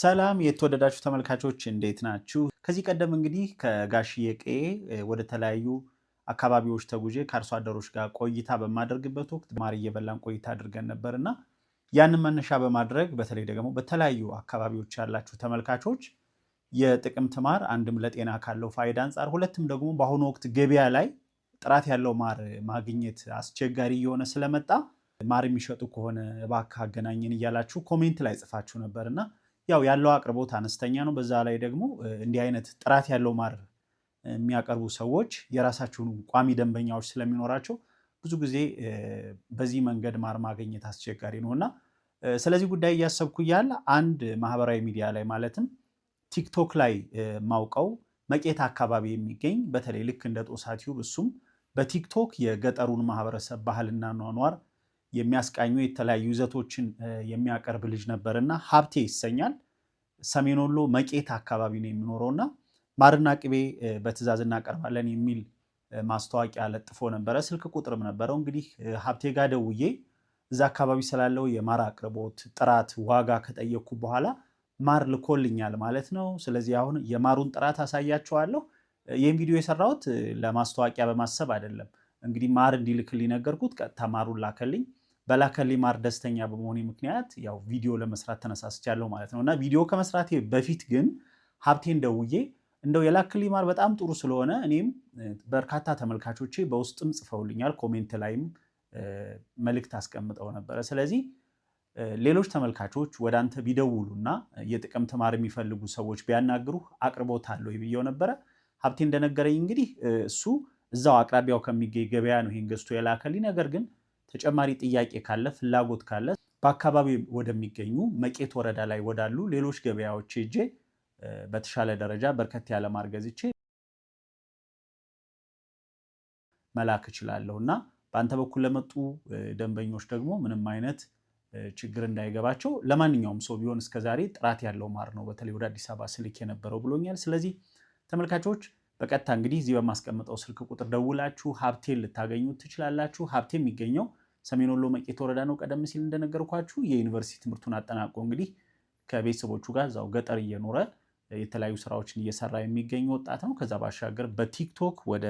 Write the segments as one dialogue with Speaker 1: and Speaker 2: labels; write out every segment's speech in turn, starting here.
Speaker 1: ሰላም የተወደዳችሁ ተመልካቾች እንዴት ናችሁ? ከዚህ ቀደም እንግዲህ ከጋሽዬ ቀዬ ወደ ተለያዩ አካባቢዎች ተጉዤ ከአርሶ አደሮች ጋር ቆይታ በማደርግበት ወቅት ማር እየበላን ቆይታ አድርገን ነበር እና ያንን መነሻ በማድረግ በተለይ ደግሞ በተለያዩ አካባቢዎች ያላችሁ ተመልካቾች የጥቅምት ማር አንድም ለጤና ካለው ፋይዳ አንጻር፣ ሁለትም ደግሞ በአሁኑ ወቅት ገበያ ላይ ጥራት ያለው ማር ማግኘት አስቸጋሪ እየሆነ ስለመጣ ማር የሚሸጡ ከሆነ እባክህ አገናኝን እያላችሁ ኮሜንት ላይ ጽፋችሁ ነበር እና ያው ያለው አቅርቦት አነስተኛ ነው። በዛ ላይ ደግሞ እንዲህ አይነት ጥራት ያለው ማር የሚያቀርቡ ሰዎች የራሳቸውን ቋሚ ደንበኛዎች ስለሚኖራቸው ብዙ ጊዜ በዚህ መንገድ ማር ማግኘት አስቸጋሪ ነው እና ስለዚህ ጉዳይ እያሰብኩ እያለ አንድ ማህበራዊ ሚዲያ ላይ ማለትም ቲክቶክ ላይ ማውቀው መቄት አካባቢ የሚገኝ በተለይ ልክ እንደ ጦሳ ቲዩብ እሱም በቲክቶክ የገጠሩን ማህበረሰብ ባህልና ኗኗር የሚያስቃኙ የተለያዩ ይዘቶችን የሚያቀርብ ልጅ ነበር እና ሀብቴ ይሰኛል። ሰሜን ወሎ መቄት አካባቢ ነው የሚኖረው እና ማርና ቅቤ በትዕዛዝ እናቀርባለን የሚል ማስታወቂያ ለጥፎ ነበረ። ስልክ ቁጥርም ነበረው። እንግዲህ ሀብቴ ጋ ደውዬ እዛ አካባቢ ስላለው የማር አቅርቦት ጥራት፣ ዋጋ ከጠየቅኩ በኋላ ማር ልኮልኛል ማለት ነው። ስለዚህ አሁን የማሩን ጥራት አሳያችኋለሁ። ይህም ቪዲዮ የሰራሁት ለማስታወቂያ በማሰብ አይደለም። እንግዲህ ማር እንዲልክልኝ ነገርኩት። ቀጥታ ማሩን ላከልኝ። በላከልኝ ማር ደስተኛ በመሆኔ ምክንያት ያው ቪዲዮ ለመስራት ተነሳስቻለሁ ማለት ነው እና ቪዲዮ ከመስራቴ በፊት ግን ሀብቴን ደውዬ እንደው የላከልኝ ማር በጣም ጥሩ ስለሆነ እኔም በርካታ ተመልካቾቼ በውስጥም ጽፈውልኛል፣ ኮሜንት ላይም መልእክት አስቀምጠው ነበረ። ስለዚህ ሌሎች ተመልካቾች ወደ አንተ ቢደውሉና የጥቅምት ማር የሚፈልጉ ሰዎች ቢያናግሩ አቅርቦት አለው ብየው ነበረ። ሀብቴ እንደነገረኝ እንግዲህ እሱ እዛው አቅራቢያው ከሚገኝ ገበያ ነው ይህን ገዝቶ የላከልኝ ነገር ግን ተጨማሪ ጥያቄ ካለ ፍላጎት ካለ በአካባቢ ወደሚገኙ መቄት ወረዳ ላይ ወዳሉ ሌሎች ገበያዎች ሄጄ በተሻለ ደረጃ በርከት ያለ ማርገዝቼ መላክ እችላለሁ እና በአንተ በኩል ለመጡ ደንበኞች ደግሞ ምንም አይነት ችግር እንዳይገባቸው ለማንኛውም ሰው ቢሆን እስከዛሬ ጥራት ያለው ማር ነው በተለይ ወደ አዲስ አበባ ስልክ የነበረው ብሎኛል። ስለዚህ ተመልካቾች በቀጥታ እንግዲህ እዚህ በማስቀምጠው ስልክ ቁጥር ደውላችሁ ሀብቴን ልታገኙ ትችላላችሁ። ሀብቴ የሚገኘው ሰሜን ወሎ መቄት ወረዳ ነው። ቀደም ሲል እንደነገርኳችሁ የዩኒቨርሲቲ ትምህርቱን አጠናቆ እንግዲህ ከቤተሰቦቹ ጋር እዛው ገጠር እየኖረ የተለያዩ ስራዎችን እየሰራ የሚገኝ ወጣት ነው። ከዛ ባሻገር በቲክቶክ ወደ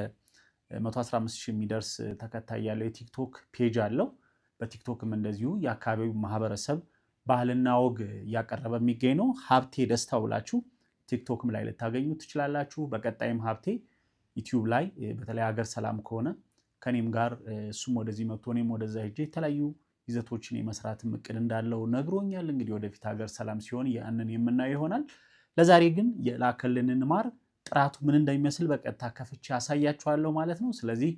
Speaker 1: 115 ሺህ የሚደርስ ተከታይ ያለው የቲክቶክ ፔጅ አለው። በቲክቶክም እንደዚሁ የአካባቢው ማህበረሰብ ባህልና ወግ እያቀረበ የሚገኝ ነው። ሀብቴ ደስታ ብላችሁ ቲክቶክም ላይ ልታገኙ ትችላላችሁ። በቀጣይም ሀብቴ ዩቲዩብ ላይ በተለይ ሀገር ሰላም ከሆነ ከኔም ጋር እሱም ወደዚህ መጥቶ እኔም ወደዛ ሄጄ የተለያዩ ይዘቶችን የመስራት እቅድ እንዳለው ነግሮኛል። እንግዲህ ወደፊት ሀገር ሰላም ሲሆን ያንን የምናየው ይሆናል። ለዛሬ ግን የላከልንን ማር ጥራቱ ምን እንደሚመስል በቀጥታ ከፍቼ ያሳያችኋለሁ ማለት ነው። ስለዚህ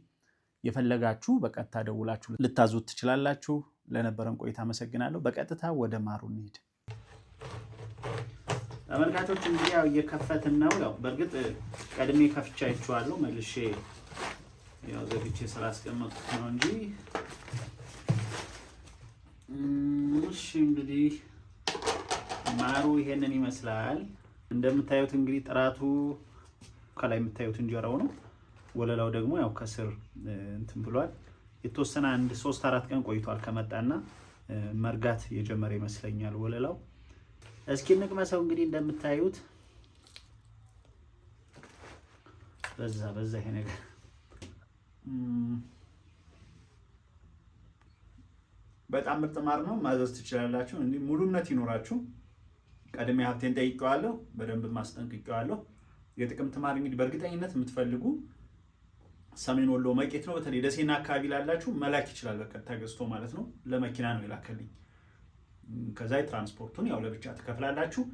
Speaker 1: የፈለጋችሁ በቀጥታ ደውላችሁ ልታዙት ትችላላችሁ። ለነበረን ቆይታ አመሰግናለሁ። በቀጥታ ወደ ማሩ እንሄድ። ተመልካቾች እንግዲህ ያው እየከፈትን ነው። ያው በእርግጥ ቀድሜ ከፍቻ አይቼዋለሁ መልሼ ያው ዘግቼ ስላስቀመጥኩት ነው እንጂ። እሺ እንግዲህ ማሩ ይሄንን ይመስላል። እንደምታዩት እንግዲህ ጥራቱ ከላይ የምታዩት እንጀራው ነው። ወለላው ደግሞ ያው ከስር እንትን ብሏል። የተወሰነ አንድ ሶስት አራት ቀን ቆይቷል ከመጣና መርጋት የጀመረ ይመስለኛል ወለላው። እስኪ እንቅመሰው እንግዲህ እንደምታዩት በዛ በዛ ይሄ ነገር በጣም ምርጥ ማር ነው። ማዘዝ ትችላላችሁ። እንዲህ ሙሉነት ይኖራችሁ። ቀድሜ ሀብቴን ጠይቄዋለሁ፣ በደንብ ማስጠንቅቄዋለሁ። የጥቅምት ማር እንግዲህ በእርግጠኝነት የምትፈልጉ ሰሜን ወሎ መቄት ነው፣ በተለይ ደሴና አካባቢ ላላችሁ መላክ ይችላል። በቀጥታ ገዝቶ ማለት ነው። ለመኪና ነው የላከልኝ። ከዛ የትራንስፖርቱን ያው ለብቻ ትከፍላላችሁ።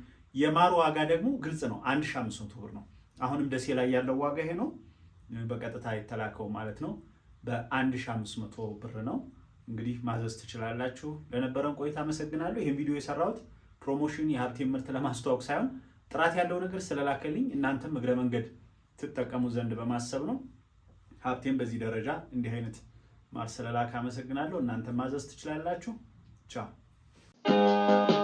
Speaker 1: የማሩ ዋጋ ደግሞ ግልጽ ነው፣ 1500 ብር ነው። አሁንም ደሴ ላይ ያለው ዋጋ ይሄ ነው። በቀጥታ የተላከው ማለት ነው። በ1500 ብር ነው እንግዲህ ማዘዝ ትችላላችሁ። ለነበረን ቆይታ አመሰግናለሁ። ይህን ቪዲዮ የሰራሁት ፕሮሞሽን የሀብቴን ምርት ለማስተዋወቅ ሳይሆን ጥራት ያለው ነገር ስለላከልኝ እናንተም እግረ መንገድ ትጠቀሙ ዘንድ በማሰብ ነው። ሀብቴም በዚህ ደረጃ እንዲህ አይነት ማር ስለላከ አመሰግናለሁ። እናንተም ማዘዝ ትችላላችሁ። ቻው